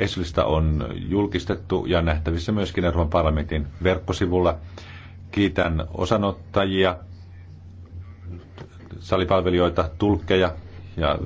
Eslista on julkistettu ja nähtävissä myöskin Euroopan parlamentin verkkosivulla. Kiitän osanottajia, salipalvelijoita, tulkkeja ja